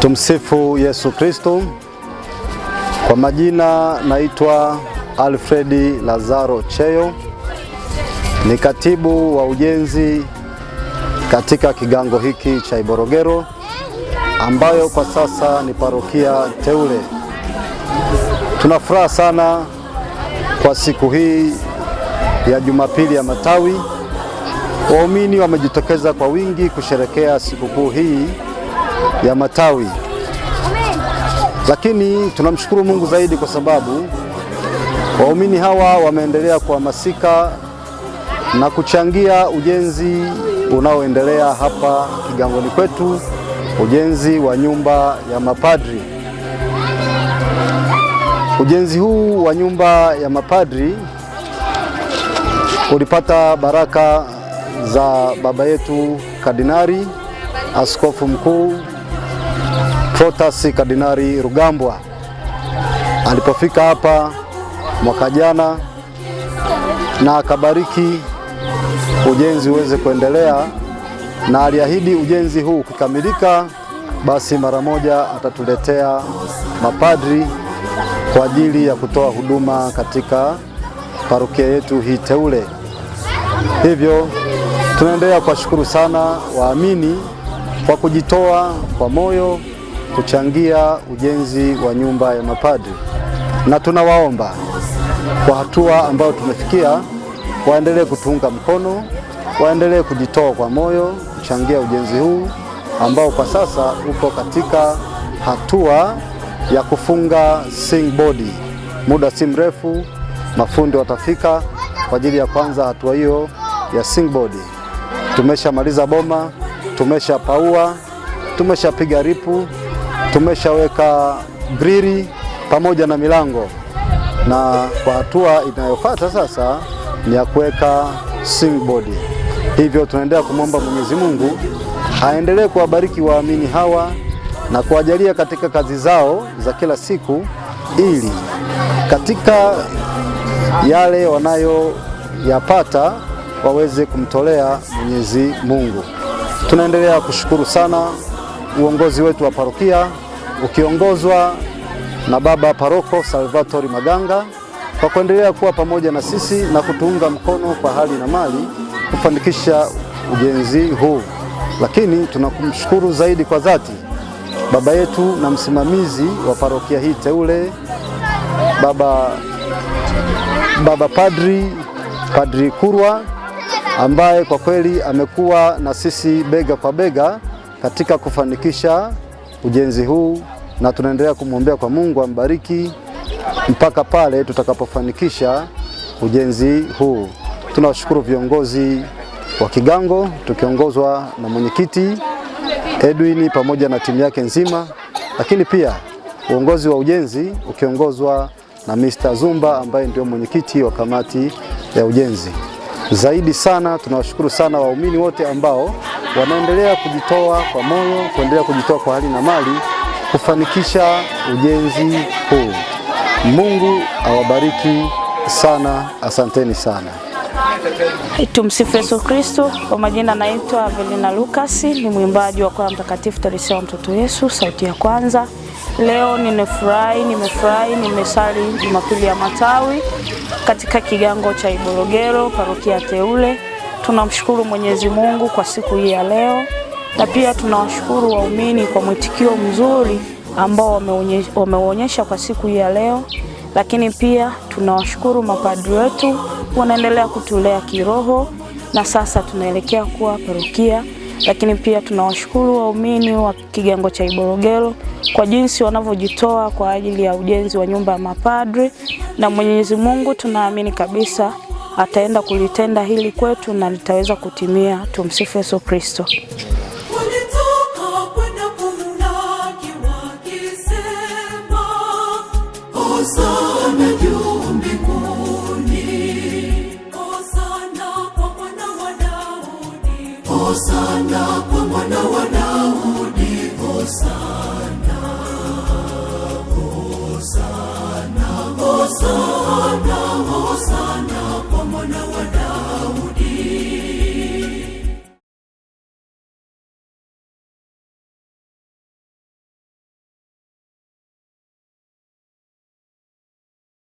Tumsifu Yesu Kristo. Kwa majina naitwa Alfredi Lazaro Cheyo, ni katibu wa ujenzi katika kigango hiki cha Iborogero ambayo kwa sasa ni parokia teule. Tuna furaha sana kwa siku hii ya Jumapili ya Matawi. Waumini wamejitokeza kwa wingi kusherekea sikukuu hii ya matawi, lakini tunamshukuru Mungu zaidi kwa sababu waumini hawa wameendelea kuhamasika na kuchangia ujenzi unaoendelea hapa kigangoni kwetu, ujenzi wa nyumba ya mapadri. Ujenzi huu wa nyumba ya mapadri ulipata baraka za baba yetu Kardinali Askofu Mkuu Protas kardinari Rugambwa alipofika hapa mwaka jana na akabariki ujenzi uweze kuendelea, na aliahidi ujenzi huu ukikamilika, basi mara moja atatuletea mapadri kwa ajili ya kutoa huduma katika parokia yetu hii teule. Hivyo tunaendelea kuwashukuru sana waamini kwa kujitoa kwa moyo kuchangia ujenzi wa nyumba ya mapadri, na tunawaomba kwa hatua ambayo tumefikia waendelee kutuunga mkono, waendelee kujitoa kwa moyo kuchangia ujenzi huu ambao kwa sasa upo katika hatua ya kufunga sing body. Muda si mrefu mafundi watafika kwa ajili ya kwanza hatua hiyo ya sing body. Tumeshamaliza boma tumeshapaua, tumeshapiga ripu, tumeshaweka grili pamoja na milango, na kwa hatua inayofuata sasa ni ya kuweka swingboard. Hivyo tunaendelea kumwomba Mwenyezi Mungu aendelee kuwabariki waamini hawa na kuwajalia katika kazi zao za kila siku, ili katika yale wanayoyapata waweze kumtolea Mwenyezi Mungu. Tunaendelea kushukuru sana uongozi wetu wa parokia ukiongozwa na Baba Paroko Salvatori Maganga kwa kuendelea kuwa pamoja na sisi na kutuunga mkono kwa hali na mali kufanikisha ujenzi huu. Lakini tunakumshukuru zaidi kwa dhati baba yetu na msimamizi wa parokia hii teule baba, baba padri Padri Kurwa ambaye kwa kweli amekuwa na sisi bega kwa bega katika kufanikisha ujenzi huu, na tunaendelea kumwombea kwa Mungu ambariki mpaka pale tutakapofanikisha ujenzi huu. Tunawashukuru viongozi wa Kigango tukiongozwa na mwenyekiti Edwin pamoja na timu yake nzima, lakini pia uongozi wa ujenzi ukiongozwa na Mr. Zumba ambaye ndio mwenyekiti wa kamati ya ujenzi. Zaidi sana tunawashukuru sana waumini wote ambao wanaendelea kujitoa kwa moyo, kuendelea kujitoa kwa hali na mali kufanikisha ujenzi huu. Mungu awabariki sana, asanteni sana. Tumsifu Yesu Kristo. Kwa majina naitwa Velina Lucas, ni mwimbaji wa kwaya Mtakatifu Theresia wa Mtoto Yesu, sauti ya kwanza. Leo nimefurahi, nimefurahi, nimesali Jumapili ya Matawi katika kigango cha Iborogero, parokia Teule. Tunamshukuru Mwenyezi Mungu kwa siku hii ya leo, na pia tunawashukuru waumini kwa mwitikio mzuri ambao wameuonyesha kwa siku hii ya leo, lakini pia tunawashukuru mapadri wetu wanaendelea kutulea kiroho, na sasa tunaelekea kuwa parokia lakini pia tunawashukuru waumini wa kigango cha Iborogelo kwa jinsi wanavyojitoa kwa ajili ya ujenzi wa nyumba ya mapadri, na Mwenyezi Mungu tunaamini kabisa ataenda kulitenda hili kwetu na litaweza kutimia. Tumsifu Yesu Kristo. Hosana kwa mwana wa Daudi, Hosana, Hosana, Hosana, Hosana kwa mwana wa